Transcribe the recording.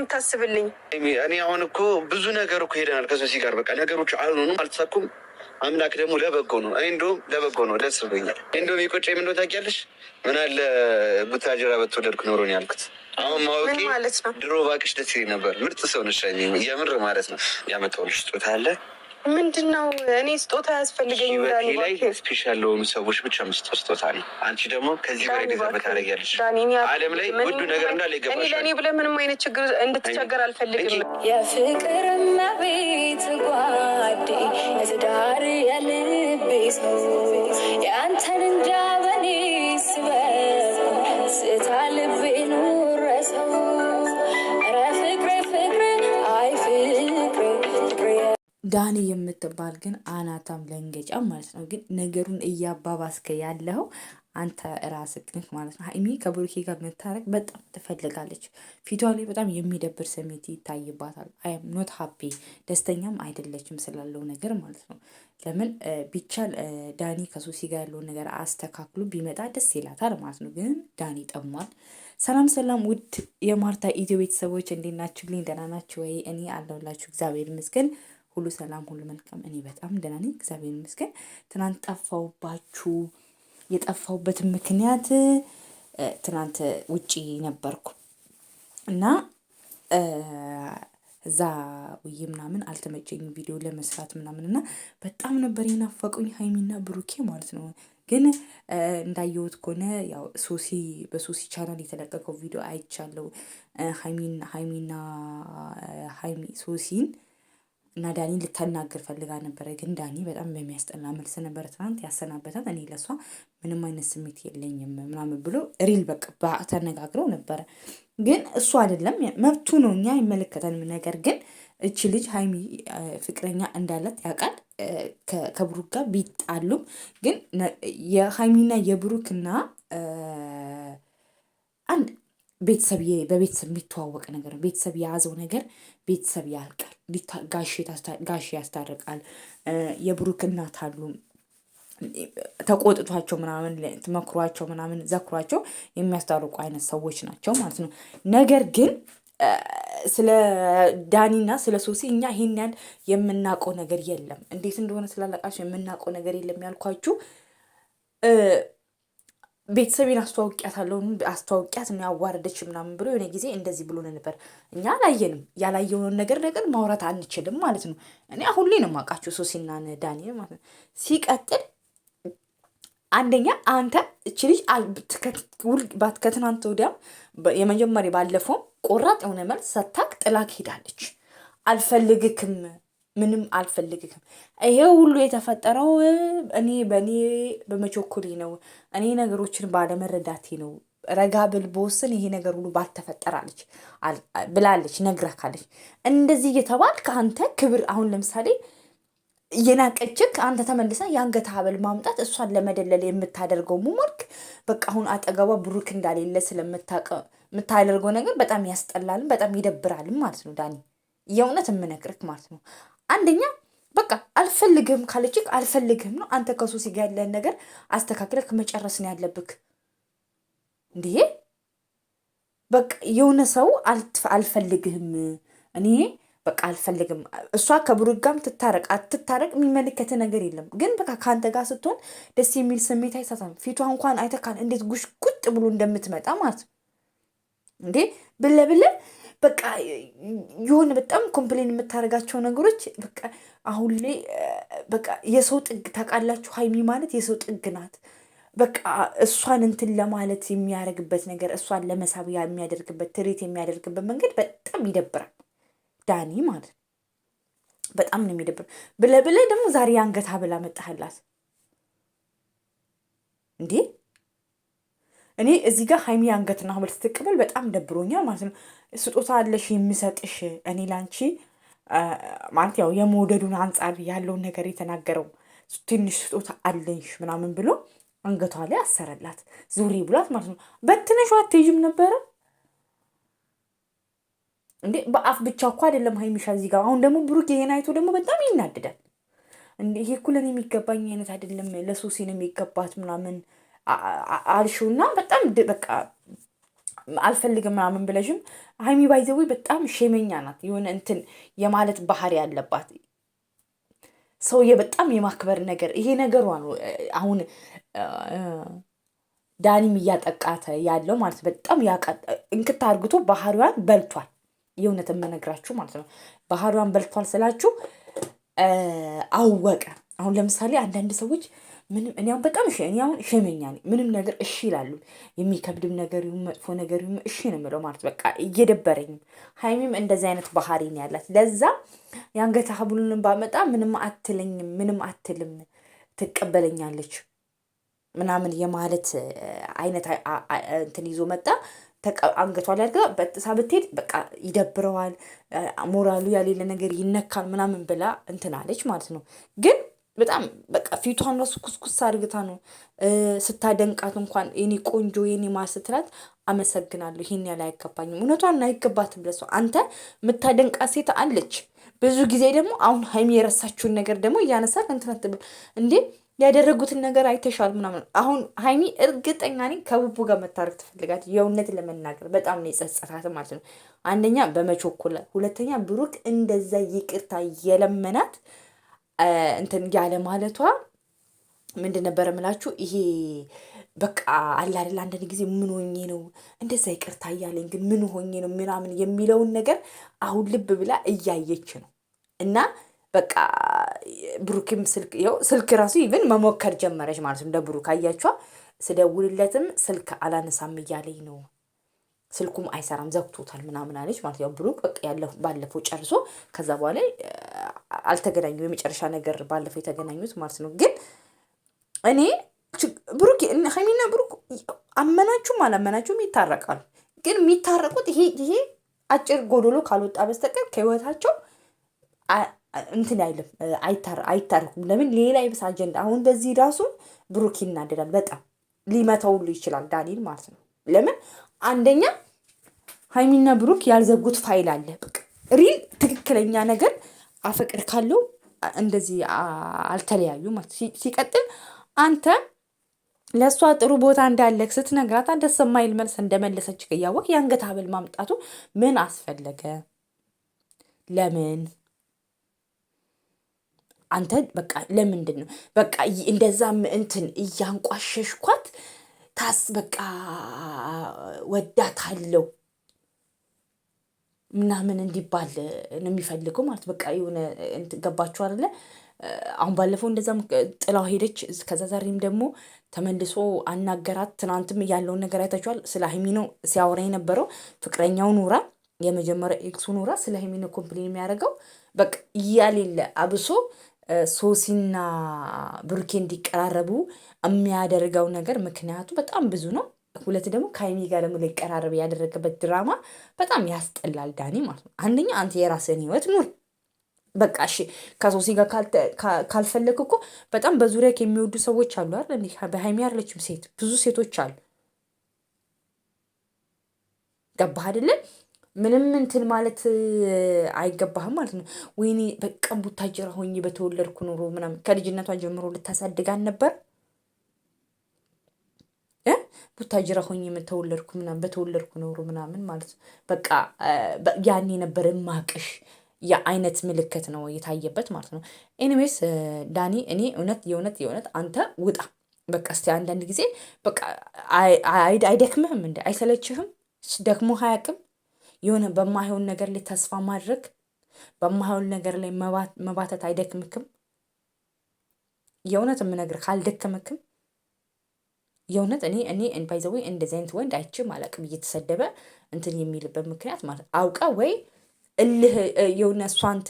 የምታስብልኝ? እኔ አሁን እኮ ብዙ ነገር እኮ ሄደናል ከሶሲ ጋር በቃ ነገሮች አልሆኑም፣ አልተሳኩም። አምላክ ደግሞ ለበጎ ነው። እኔ እንደውም ለበጎ ነው፣ ደስ ብሎኛል። እንደውም የቆጨ ምን እንደው ታውቂያለሽ? ምን አለ ቡታጀራ በተወለድኩ ኖሮ ነው ያልኩት። አሁን ማወቂ ድሮ ባቅሽ ደስ ይለኝ ነበር። ምርጥ ሰው ነሽ፣ የምር ማለት ነው። ያመጣሁልሽ ስጦታ አለ ምንድን ነው እኔ ስጦታ ያስፈልገኝ ላይ ስፔሻል ለሆኑ ሰዎች ብቻ ስጦታ ነው። አንቺ ደግሞ ከዚህ በላይ ላይ ውዱ ነገር እንዳለ እኔ ለእኔ ብለህ ምንም አይነት ችግር እንድትቸገር አልፈልግም። የፍቅር መቤት ጓዴ የልቤ ሰው የአንተን እንጂ ዳኒ የምትባል ግን አናታም ለንገጫም ማለት ነው። ግን ነገሩን እያባባስከ ያለው አንተ ራስህ ነህ ማለት ነው። ሀይሚ ከብሩኬ ጋር መታረቅ በጣም ትፈልጋለች። ፊቷ ላይ በጣም የሚደብር ስሜት ይታይባታል። አይም ኖት ሀፒ ደስተኛም አይደለችም ስላለው ነገር ማለት ነው። ለምን ቢቻል ዳኒ ከሶሲ ጋር ያለውን ነገር አስተካክሎ ቢመጣ ደስ ይላታል ማለት ነው። ግን ዳኒ ጠሟል። ሰላም ሰላም፣ ውድ የማርታ ኢትዮ ቤተሰቦች እንዴት ልኝ ደህና ናችሁ ወይ? እኔ አለሁላችሁ እግዚአብሔር ይመስገን። ሁሉ ሰላም፣ ሁሉ መልካም። እኔ በጣም ደህና ነኝ፣ እግዚአብሔር ይመስገን። ትናንት ጠፋሁባችሁ። የጠፋሁበትን ምክንያት ትናንት ውጪ ነበርኩ እና እዛ ውዬ ምናምን አልተመቸኝ ቪዲዮ ለመስራት ምናምን እና በጣም ነበር የናፈቁኝ ሀይሚና ብሩኬ ማለት ነው። ግን እንዳየሁት ከሆነ ያው ሶሲ በሶሲ ቻናል የተለቀቀው ቪዲዮ አይቻለው ሀይሚና ሀይሚ ሶሲን እና ዳኒ ልታናገር ፈልጋ ነበረ፣ ግን ዳኒ በጣም በሚያስጠላ መልስ ነበረ ትናንት ያሰናበታት። እኔ ለሷ ምንም አይነት ስሜት የለኝም ምናምን ብሎ ሪል በቃ ተነጋግረው ነበረ። ግን እሱ አይደለም መብቱ ነው፣ እኛ አይመለከተንም። ነገር ግን እቺ ልጅ ሀይሚ ፍቅረኛ እንዳላት ያውቃል። ከብሩክ ጋር ቢጣሉም ግን የሀይሚና የብሩክና ቤተሰብ በቤተሰብ የሚተዋወቅ ነገር ነው። ቤተሰብ የያዘው ነገር ቤተሰብ ያልቃል። ጋሽ ያስታርቃል። የብሩክ እናት አሉ ተቆጥቷቸው ምናምን መክሯቸው ምናምን ዘክሯቸው የሚያስታርቁ አይነት ሰዎች ናቸው ማለት ነው። ነገር ግን ስለ ዳኒና ስለ ሶሲ እኛ ይሄን ያህል የምናውቀው ነገር የለም። እንዴት እንደሆነ ስላለቃቸው የምናውቀው ነገር የለም ያልኳችሁ ቤተሰቤን አስተዋውቂያታለሁ አስተዋውቂያት ነው ምናምን ብሎ የሆነ ጊዜ እንደዚህ ብሎን ነበር። እኛ አላየንም። ያላየውን ነገር ነገር ማውራት አንችልም ማለት ነው። እኔ አሁን ላይ ነው የማውቃቸው ሶሲና ዳንኤል ማለት ነው። ሲቀጥል አንደኛ አንተ እች ልጅ ከትናንት ወዲያም የመጀመሪያ ባለፈውም ቆራጥ የሆነ መልስ ሰታክ ጥላክ ሄዳለች። አልፈልግክም ምንም አልፈልግም። ይሄ ሁሉ የተፈጠረው እኔ በእኔ በመቸኮሌ ነው። እኔ ነገሮችን ባለመረዳቴ ነው። ረጋ ብል በወስን ይሄ ነገር ሁሉ ባልተፈጠራለች ብላለች፣ ነግረካለች። እንደዚህ እየተባልክ አንተ ክብር አሁን ለምሳሌ የናቀችክ አንተ ተመልሰ የአንገት ሀብል ማምጣት እሷን ለመደለል የምታደርገው ሙሞልክ በቃ አሁን አጠገቧ ብሩክ እንዳሌለ ስለምታደርገው ነገር በጣም ያስጠላልም በጣም ይደብራልም ማለት ነው ዳኒ የእውነት የምነግርክ ማለት ነው። አንደኛ በቃ አልፈልግህም ካለች አልፈልግህም ነው። አንተ ከሱሲ ጋር ያለህን ነገር አስተካክለህ መጨረስ ነው ያለብህ። እንዲህ በቃ የሆነ ሰው አልፈልግህም እኔ በቃ አልፈልግም። እሷ ከብሩክ ጋርም ትታረቅ አትታረቅ የሚመለከት ነገር የለም። ግን በቃ ከአንተ ጋር ስትሆን ደስ የሚል ስሜት አይሰጣም። ፊቷ እንኳን አይተካል። እንዴት ቁጭ ብሎ እንደምትመጣ ማለት ነው እንዴ ብለብለ በቃ የሆነ በጣም ኮምፕሌን የምታደርጋቸው ነገሮች በቃ አሁን ላይ በቃ የሰው ጥግ ታውቃላችሁ፣ ሀይሚ ማለት የሰው ጥግ ናት። በቃ እሷን እንትን ለማለት የሚያደርግበት ነገር እሷን ለመሳብ የሚያደርግበት ትሬት የሚያደርግበት መንገድ በጣም ይደብራል። ዳኒ ማለት በጣም ነው የሚደብር። ብለ ብለ ደግሞ ዛሬ አንገታ ሀብል አመጣህላት እንዴ? እኔ እዚህ ጋር ሀይሚ አንገትና ሁበል ስትቀበል በጣም ደብሮኛል ማለት ነው። ስጦታ አለሽ የሚሰጥሽ እኔ ላንቺ ማለት ያው የመውደዱን አንጻር ያለውን ነገር የተናገረው ትንሽ ስጦታ አለሽ ምናምን ብሎ አንገቷ ላይ አሰረላት፣ ዙሪ ብሏት ማለት ነው። በትንሿ አትይዥም ነበረ እንዴ? በአፍ ብቻ እኮ አይደለም ሀይሚሻ እዚህ ጋር። አሁን ደግሞ ብሩክ ይሄን አይቶ ደግሞ በጣም ይናድዳል። ይሄ እኮ ለእኔ የሚገባኝ አይነት አይደለም፣ ለሶሴ የሚገባት ምናምን አልሽውና በጣም በቃ አልፈልግም ምናምን ብለሽም ሀይሚ ባይዘዊ በጣም ሼመኛ ናት። የሆነ እንትን የማለት ባህሪ ያለባት ሰው በጣም የማክበር ነገር ይሄ ነገሯ ነው። አሁን ዳኒም እያጠቃተ ያለው ማለት በጣም እንክት አርግቶ ባህሪዋን በልቷል። የእውነት የምነግራችሁ ማለት ነው። ባህሪዋን በልቷል ስላችሁ አወቀ። አሁን ለምሳሌ አንዳንድ ሰዎች ምንም እኔ አሁን በጣም እሺ እኔ አሁን ሸመኛ ነኝ። ምንም ነገር እሺ ይላሉ። የሚከብድም ነገር ይሁን መጥፎ ነገር ይሁን እሺ ነው የምለው። ማለት በቃ እየደበረኝም። ሀይሚም እንደዚህ አይነት ባህሪ ነው ያላት። ለዛ የአንገት ሀብሉንም ባመጣ ምንም አትለኝም፣ ምንም አትልም፣ ትቀበለኛለች ምናምን የማለት አይነት እንትን ይዞ መጣ። አንገቷ ላይ አድርጋ በጥሳ ብትሄድ በቃ ይደብረዋል፣ ሞራሉ ያሌለ ነገር ይነካል ምናምን ብላ እንትን አለች ማለት ነው ግን በጣም በቃ ፊቷን ራሱ ኩስኩስ አድርግታ ነው ስታደንቃት እንኳን የኔ ቆንጆ የኔ ማር አመሰግናለሁ፣ ይህን ያለ አይገባኝም። እውነቷን አይገባትም። ለሷ አንተ የምታደንቃት ሴት አለች። ብዙ ጊዜ ደግሞ አሁን ሀይሚ የረሳችውን ነገር ደግሞ እያነሳ እንትነት ብል እንዴ ያደረጉትን ነገር አይተሻል ምናምን። አሁን ሀይሚ እርግጠኛ ነኝ ከቡቡ ጋር መታረቅ ትፈልጋት። የእውነት ለመናገር በጣም ነው የጸጸታት ማለት ነው። አንደኛ በመቾኮለ፣ ሁለተኛ ብሩክ እንደዛ ይቅርታ የለመናት እንትን ያለ ማለቷ ምንድን ነበረ ምላችሁ ይሄ በቃ አለ አይደል አንዳንድ ጊዜ ምን ሆኜ ነው እንደዛ ይቅርታ እያለኝ ግን ምን ሆኜ ነው ምናምን የሚለውን ነገር አሁን ልብ ብላ እያየች ነው እና በቃ ብሩክም ስልክ ራሱ ይብን መሞከር ጀመረች ማለት ነው። እንደ ብሩክ አያችኋ፣ ስደውልለትም ስልክ አላነሳም እያለኝ ነው፣ ስልኩም አይሰራም ዘግቶታል ምናምን አለች ማለት ያው ብሩክ በቃ ባለፈው ጨርሶ ከዛ በኋላ አልተገናኙ የመጨረሻ ነገር ባለፈው የተገናኙት ማለት ነው። ግን እኔ ብሩክ ሀይሚና ብሩክ አመናችሁም አላመናችሁም ይታረቃሉ። ግን የሚታረቁት ይሄ ይሄ አጭር ጎዶሎ ካልወጣ በስተቀር ከህይወታቸው እንትን አይልም፣ አይታረቁም። ለምን ሌላ የብስ አጀንዳ አሁን በዚህ ራሱ ብሩክ ይናደዳል በጣም ሊመታው ሁሉ ይችላል ዳኒል ማለት ነው። ለምን አንደኛ ሀይሚና ብሩክ ያልዘጉት ፋይል አለ። ሪል ትክክለኛ ነገር አፈቅር ካለው እንደዚህ አልተለያዩም ማለት ሲቀጥል አንተ ለእሷ ጥሩ ቦታ እንዳለክ ስትነግራት ደስ ሰማይል መልስ እንደመለሰች እያወቅ የአንገት ሀብል ማምጣቱ ምን አስፈለገ? ለምን አንተ በቃ ለምንድን ነው በቃ እንደዛም እንትን እያንቋሸሽኳት ታስ በቃ ወዳታለው ምናምን እንዲባል ነው የሚፈልገው ማለት በቃ የሆነ ገባችሁ አለ አሁን ባለፈው እንደዛም ጥላው ሄደች። ከዛ ዛሬም ደግሞ ተመልሶ አናገራት። ትናንትም ያለውን ነገር አይታችኋል። ስለ ሀይሚ ነው ሲያወራ የነበረው። ፍቅረኛው ኑራ የመጀመሪያ ኤክሱ ኑራ ስለ ሀይሚ ነው ኮምፕሌን የሚያደርገው። በቃ እያሌለ አብሶ ሶሲና ብሩኬ እንዲቀራረቡ የሚያደርገው ነገር ምክንያቱ በጣም ብዙ ነው። ሁለት ደግሞ ከሀይሚ ጋር ደግሞ ሊቀራረብ ያደረገበት ድራማ በጣም ያስጠላል። ዳኒ ማለት ነው። አንደኛ አንተ የራስህን ህይወት ኑር በቃ እሺ። ከሶሲ ጋር ካልፈለግ እኮ በጣም በዙሪያ የሚወዱ ሰዎች አሉ አይደል? በሀይሚ ያለችም ሴት ብዙ ሴቶች አሉ። ገባህ አይደለም? ምንም እንትን ማለት አይገባህም ማለት ነው። ወይኔ በቀን ቡታጅራ ሆኜ በተወለድኩ ኑሮ ምናምን ከልጅነቷ ጀምሮ ልታሳድጋን ነበር ቡታጅራ ሆኝ የምተወለድኩ ምናምን በተወለድኩ ኖሮ ምናምን ማለት ነው። በቃ ያኔ ነበር ማቅሽ የአይነት ምልክት ነው የታየበት ማለት ነው። ኤኒዌይስ ዳኒ እኔ እውነት የእውነት የእውነት አንተ ውጣ በቃ እስቲ አንዳንድ ጊዜ በቃ አይደክምህም እንደ አይሰለችህም? ደክሞ አያውቅም? የሆነ በማይሆን ነገር ላይ ተስፋ ማድረግ በማይሆን ነገር ላይ መባተት አይደክምክም? የእውነት የምነግርህ ካልደከመክም የእውነት እኔ እኔ ባይ ዘ ዌይ እንደዚህ አይነት ወንድ አይችም አላውቅም። እየተሰደበ እንትን የሚልበት ምክንያት ማለት አውቀ ወይ እልህ የሆነ እሷ እንትን